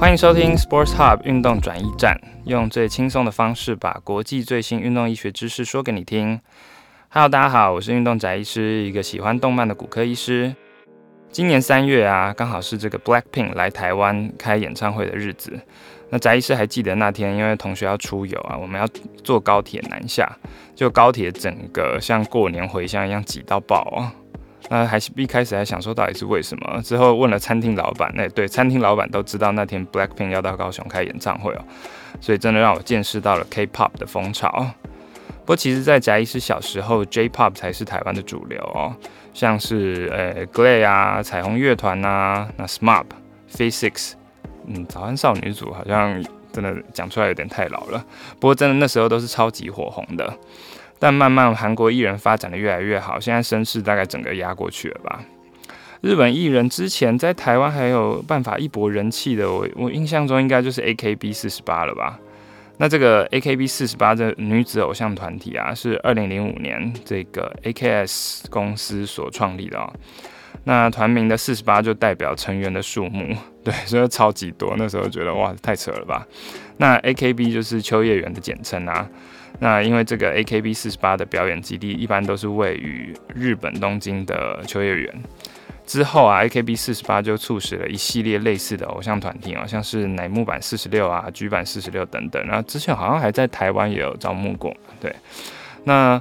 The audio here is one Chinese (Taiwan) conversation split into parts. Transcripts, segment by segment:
歡迎收聽 Sports Hub 運動轉驛站，用最輕鬆的方式把國際最新運動醫學知識說給你聽。Hello，大家好，我是運動宅醫師，一個喜歡動漫的骨科醫師。今年三月啊，剛好是這個 Blackpink 來台灣開演唱會的日子。那宅醫師還記得那天，因為同學要出遊啊，我們要坐高鐵南下，就高鐵整個像過年回鄉一樣擠到爆啊、哦。那還、呃、一開始還想說到底是為什麼，之後問了餐廳老板，哎、欸，對，餐廳老板都知道那天 Blackpink 要到高雄開演唱會哦、喔，所以真的讓我見識到了 K-pop 的風潮。不過其實，在賈醫師小時候，J-pop 才是台灣的主流哦、喔，像是呃、欸、，GLAY 啊、彩虹樂團啊、那 s m a r Face Six，嗯，早安少女組好像真的講出來有點太老了，不過真的那時候都是超級火紅的。但慢慢韓國藝人發展的越來越好，現在聲勢大概整個壓過去了吧？日本藝人之前在台灣還有辦法一搏人氣的，我我印象中應該就是 AKB 四十八了吧？那這個 AKB 四十八的女子偶像團體啊，是二零零五年這個 AKS 公司所創立的啊、哦。那團名的四十八就代表成員的數目，對，所以超級多。那時候覺得哇，太扯了吧？那 AKB 就是秋葉原的簡稱啊。那因為這個 AKB 四十八的表演基地，一般都是位於日本東京的秋葉原。之後啊，AKB 四十八就促使了一系列類似的偶像團體啊，像是乃木坂四十六啊、櫸坂四十六等等。那之前好像還在台灣也有招募過。對，那。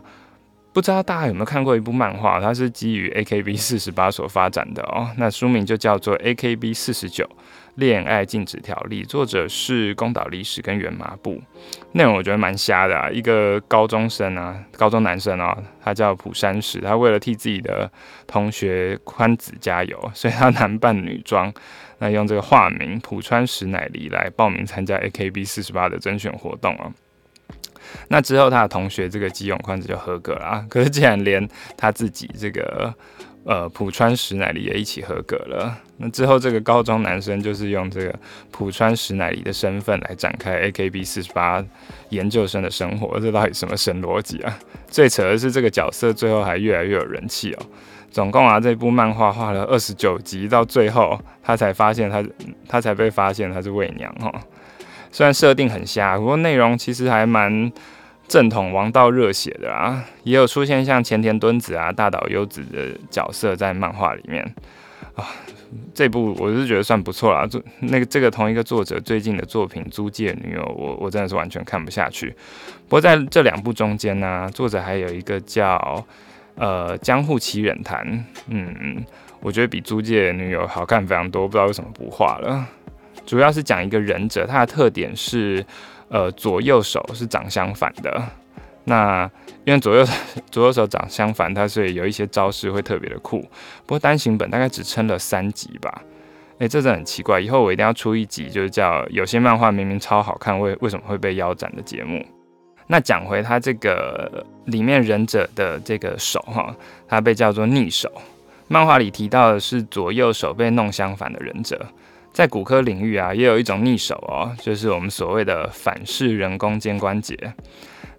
不知道大家有沒有看過一部漫畫，它是基於 AKB 四十八所發展的哦。那書名就叫做《AKB 四十九戀愛禁止條例》，作者是宮島離史跟原麻布。內容我覺得蠻瞎的啊，一個高中生啊，高中男生啊，他叫浦山石，他為了替自己的同學寬子加油，所以他男扮女裝，那用這個化名浦川石乃梨來報名參加 AKB 四十八的甄選活動哦。那之後，他的同學這個吉永寬子就合格了啊。可是，竟然連他自己這個呃浦川實乃梨也一起合格了，那之後這個高中男生就是用這個浦川實乃梨的身份來展開 AKB48 研究生的生活。這到底什麼神邏輯啊？最扯的是，這個角色最後還越來越有人氣哦。總共啊，這部漫畫畫了二十九集，到最後他才發現他，他他才被發現他是偽娘哦。雖然設定很瞎，不過內容其實還蠻正統、王道、熱血的啊，也有出現像前田敦子啊、大島優子的角色在漫畫裡面啊、哦。這部我是覺得算不錯啦。作那個這個同一個作者最近的作品《租借女友》我，我我真的是完全看不下去。不過在這兩部中間呢、啊，作者還有一個叫呃江戶奇人譚嗯嗯，我覺得比《租借女友》好看非常多，不知道為什麼不畫了。主要是講一個忍者，它的特點是，呃，左右手是長相反的。那因為左右左右手長相反，它所以有一些招式會特別的酷。不過單行本大概只撐了三集吧。哎、欸，這個很奇怪，以後我一定要出一集，就是叫有些漫畫明明超好看，為為什麼會被腰斬的節目。那講回它這個裡面忍者的這個手哈，它被叫做逆手。漫畫裡提到的是左右手被弄相反的忍者。在骨科領域啊，也有一種逆手哦，就是我們所謂的反式人工肩關節。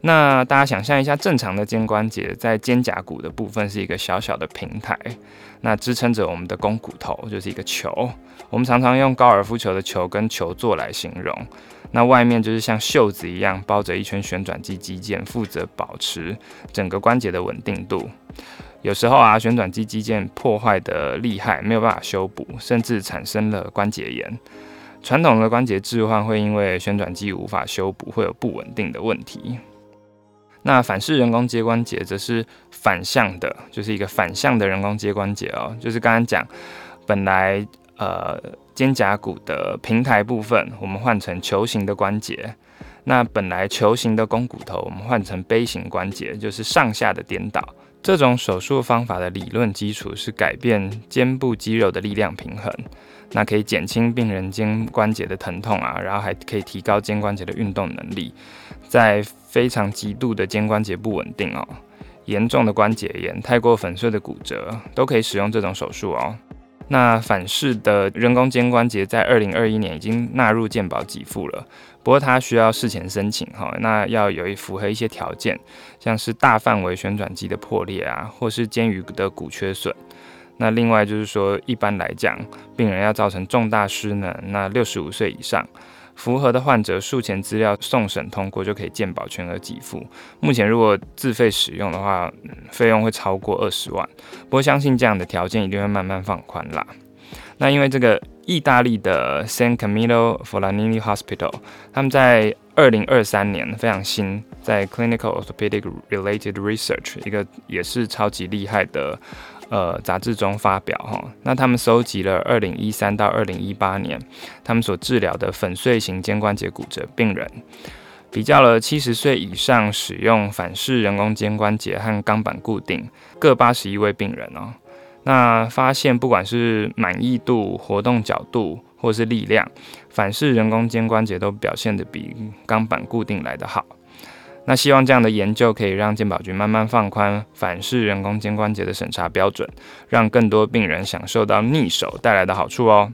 那大家想象一下，正常的肩關節在肩胛骨的部分是一個小小的平台，那支撐着我們的肱骨頭就是一個球。我們常常用高爾夫球的球跟球座來形容。那外面就是像袖子一樣包着一圈旋轉肌肌腱，負責保持整個關節的穩定度。有時候啊，旋轉肌肌腱破壞的厲害，沒有辦法修補，甚至產生了關節炎。傳統的關節置換會因為旋轉肌無法修補，會有不穩定的問題。那反式人工肩關節則是反向的，就是一個反向的人工肩關節哦。就是剛剛講，本來呃肩胛骨的平台部分，我們換成球形的關節。那本來球形的肱骨頭，我們換成杯形關節，就是上下的顛倒。這種手術方法的理論基礎是改變肩部肌肉的力量平衡，那可以減輕病人肩關節的疼痛啊，然後還可以提高肩關節的運動能力。在非常極度的肩關節不穩定哦，嚴重的關節炎、太過粉碎的骨折都可以使用這種手術哦。那反式的人工肩關節在二零二一年已經納入健保給付了，不過它需要事前申請哈，那要有符合一些條件，像是大範圍旋轉肌的破裂啊，或是肩盂的骨缺損，那另外就是說，一般來講，病人要造成重大失能，那六十五歲以上。符合的患者術前資料送審通過，就可以健保全額給付。目前如果自費使用的話，嗯，費用會超過二十萬。不過相信這樣的條件一定會慢慢放寬啦。那因為這個意大利的 San Camillo Forlanini Hospital，他們在二零二三年非常新，在 Clinical Orthopedic Related Research 一個也是超級厲害的，呃，雜誌中發表哈，那他們收集了二零一三到二零一八年他們所治療的粉碎型肩關節骨折病人，比較了七十歲以上使用反式人工肩關節和鋼板固定各八十一位病人哦，那發現不管是滿意度、活動角度或是力量，反式人工肩關節都表現得比鋼板固定來得好。那希望這樣的研究可以讓健保局慢慢放寬反式人工肩關節的審查標準，讓更多病人享受到逆手帶來的好處哦。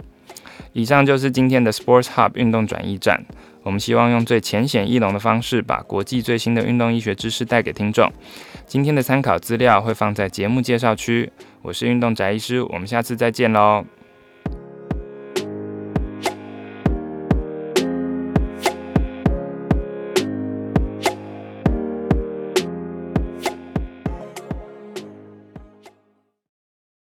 以上就是今天的 Sports Hub 運動轉驛站，我們希望用最淺顯易懂的方式，把國際最新的運動醫學知識帶給聽眾。今天的參考資料會放在節目介紹區，我是運動宅醫師，我們下次再見嘍。